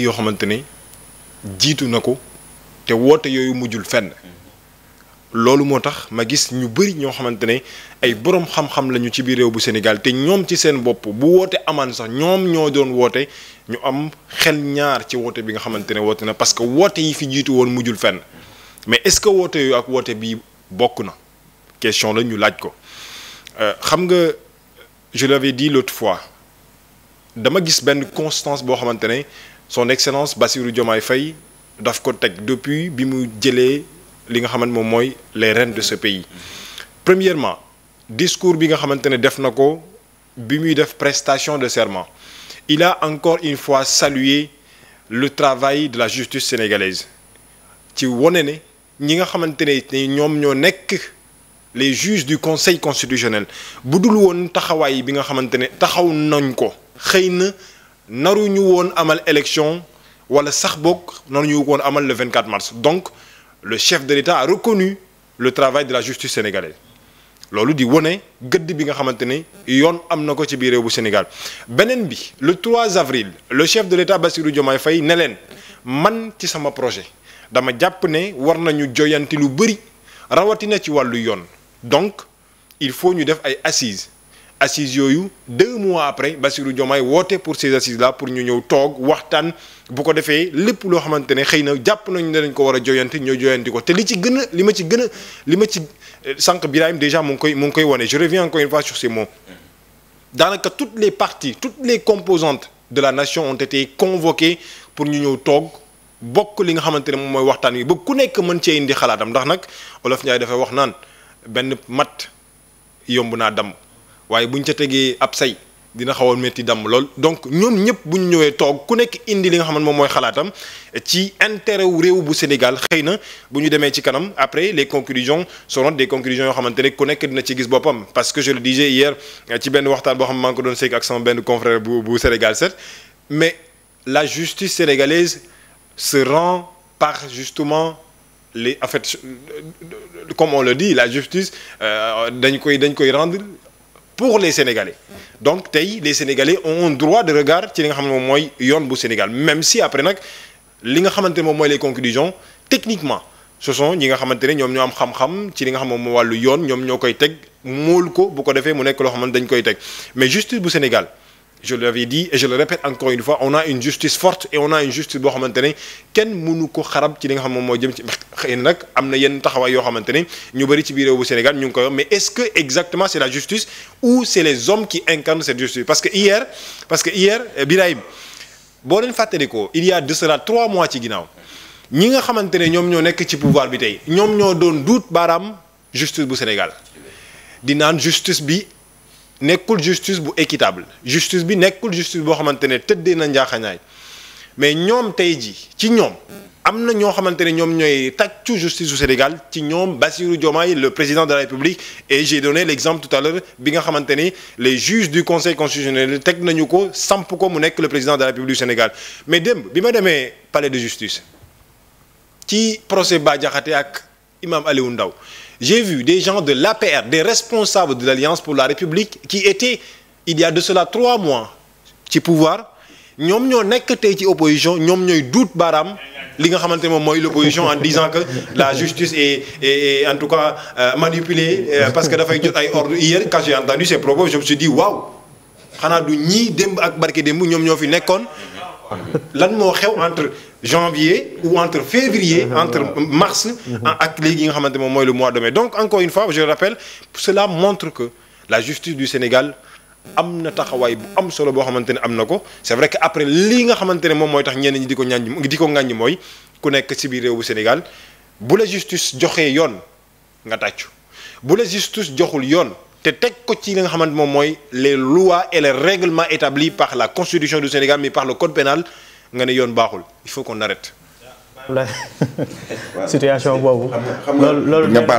yoo xamante ne jiitu na ko te woote yooyu mujjul fenn loolu moo tax ma gis ñu bëri ñoo xamante ne ay borom xam lañu ci biir réew bu Sénégal te ñoom ci seen bopp bu woote amaan sax ñoom ñoo doon woote ñu am xel ñaar ci woote bi nga xamante ne woote na parce que woote yi fi jiitu woon mujjul fenn mais est-ce que woote yooyu ak woote bii bokk na question la ñu laaj ko euh, xam nga je l'avais dit l'autre fois dama gis benn constance boo xamante ne. son excellence Bassirou jomaay fay daf ko teg depuis bi mu jëlee li nga xamante moom mooy les rênes de ce pays premièrement discours bi nga xamante ne def na ko bi muy def prestation de serment il a encore une fois salué le travail de la justice sénégalaise ci wone ne ñi nga xamante ne ñoom ñoo nekk les juges du conseil constitutionnel bu dul woon taxawaay bi nga xamante ne taxaw nañ ko xëy na naru ñu woon amal élection wala sax boog naru ñu woon amal le 24 mars donc le chef de l'État a reconnu le travail de la justice sénégalaise loolu di wone gëdd bi nga xamante ne yoon am na ko ci biir réew bu Sénégal beneen bi le 3 avril le chef de l'État Bassirou Diomaye Faye ne leen man ci sama projet dama jàpp ne war nañu joyanti lu bëri rawatina ci wàllu yoon donc il faut ñu def ay assises assises yooyu deux mois après Bassirou Diomaye woote pour ces assises là pour ñu ñëw toog waxtaan bu ko defee lépp loo xamante ne xëy na jàpp nañu ne dañ ko war a joyante ñoo joyanti ko te li ci gën li ma ci gën a li ma ci euh, sànq Birahim déjà mu ngi koy mu ngi koy wane je reviens encore une fois sur daanaka toutes les parties toutes les composantes de la nation ont été convoquées pour ñu ñëw toog bokk li nga xamante ne moom mooy waxtaan wi ba ku nekk mën cee indi xalaatam ndax nag Olof Ndiaye dafay wax naan benn mat yomb naa damm waaye buñ ca tegee ab say dina xaw a métti damm lool donc ñoom ñëpp bu ñu ñëwee toog ku nekk indi li nga xam ne moom mooy xalaatam ci intérêt wu réew bu Sénégal xëy na bu ñu demee ci kanam après les conclusions seront des conclusions yoo xamante ne ku nekk dina ci gis boppam parce que je le disais hier euh, ci benn waxtaan boo xam ne maa ngi ko doon seeg ak sama benn confrère bu bu Sénégal 7 mais la justice sénégalaise se rend par justement les en fait euh, euh, comme on le dit la justice dañ koy dañ koy rendre pour les Sénégalais donc tey les Sénégalais ont un droit de regard ci li nga xam moom mooy yoon bu Sénégal même si après nag li nga xamante ne moom mooy les conclusions techniquement ce sont ñi nga xamante ne ñoom ñoo am xam-xam ci li nga xam moom mooy wàllu yoon ñoom ñoo koy teg mool ko bu ko defee mu nekk loo xamante dañ koy teg mais justice bu Sénégal. je l'avais dit et je le répète encore une fois on a une justice forte on a une justice boo xamante kenn mënu ko xarab ci li nga xam moo jëm ci xëy na nag am na yenn taxawaay yoo xamante ne ñu bëri ci biir réew bu Sénégal ñu ngi koy wax que exactement c'est la justice ou parce que hier parce que hier eh, Birahim boo leen fàttalikoo il y a de cela trois mois ci ginnaaw ñi nga xamante ne ñoom ñoo nekk ci pouvoir bi tey ñoom ñoo doon duut baaraam justice bu Sénégal di naan justice bi nekkul justice bu équitable justice bi nekkul justice boo xamante ne tëddee na njaaxanaay mais ñoom tey ji ci ñoom am na ñoo xamante ne ñoom ñooy tàccu justice du Sénégal ci ñoom Bassirou Diomaye le président de la République et j'ai donné l'exemple tout à l'heure bi nga xamante ni les juges du Conseil constitutionnel teg nañu ko samp ko mu nekk le président de la République du Sénégal mais dem bi ma demee palais de justice ci procès Bah Diakhaté ak Imam Aliou ndaw j'ai vu des gens de l'APR des responsables de l'Alliance pour la République qui étaient il y a de cela trois mois ci pouvoir ñoom ñoo nekk tey ci opposition ñoom ñooy duut baaraam li nga xamante moom mooy l'opposition en disant que la justice est en tout cas euh, manipulée euh, parce que dafay jot ay ordre hier quand j'ai entendu ces propos je me suis dit waaw xanaa du ñi démb ak barke demb ñoom ñoo fi nekkoon lan moo xew entre janvier ou entre février uh-huh. entre mars uh-huh. ak léegi nga xamante moom mooy le mois de mai donc encore une fois je le rappelle cela montre que la justice du Sénégal am na taxawaay bu am solo boo xamante ne am na ko c'est vrai que après lii nga xamante ne moom mooy tax ñenn ñi di ko ñàññ di ko ŋàññ mooy ku nekk ci biir réew bu Sénégal bu la justice joxee yoon nga tàccu bu la justice joxul yoon te teg ko ci li nga xamante moom mooy les lois et les règlements établis par la constitution du Sénégal mais par le code nga ne yoon baaxul il faut qu'on arrête. situation boobu. loolu loolu.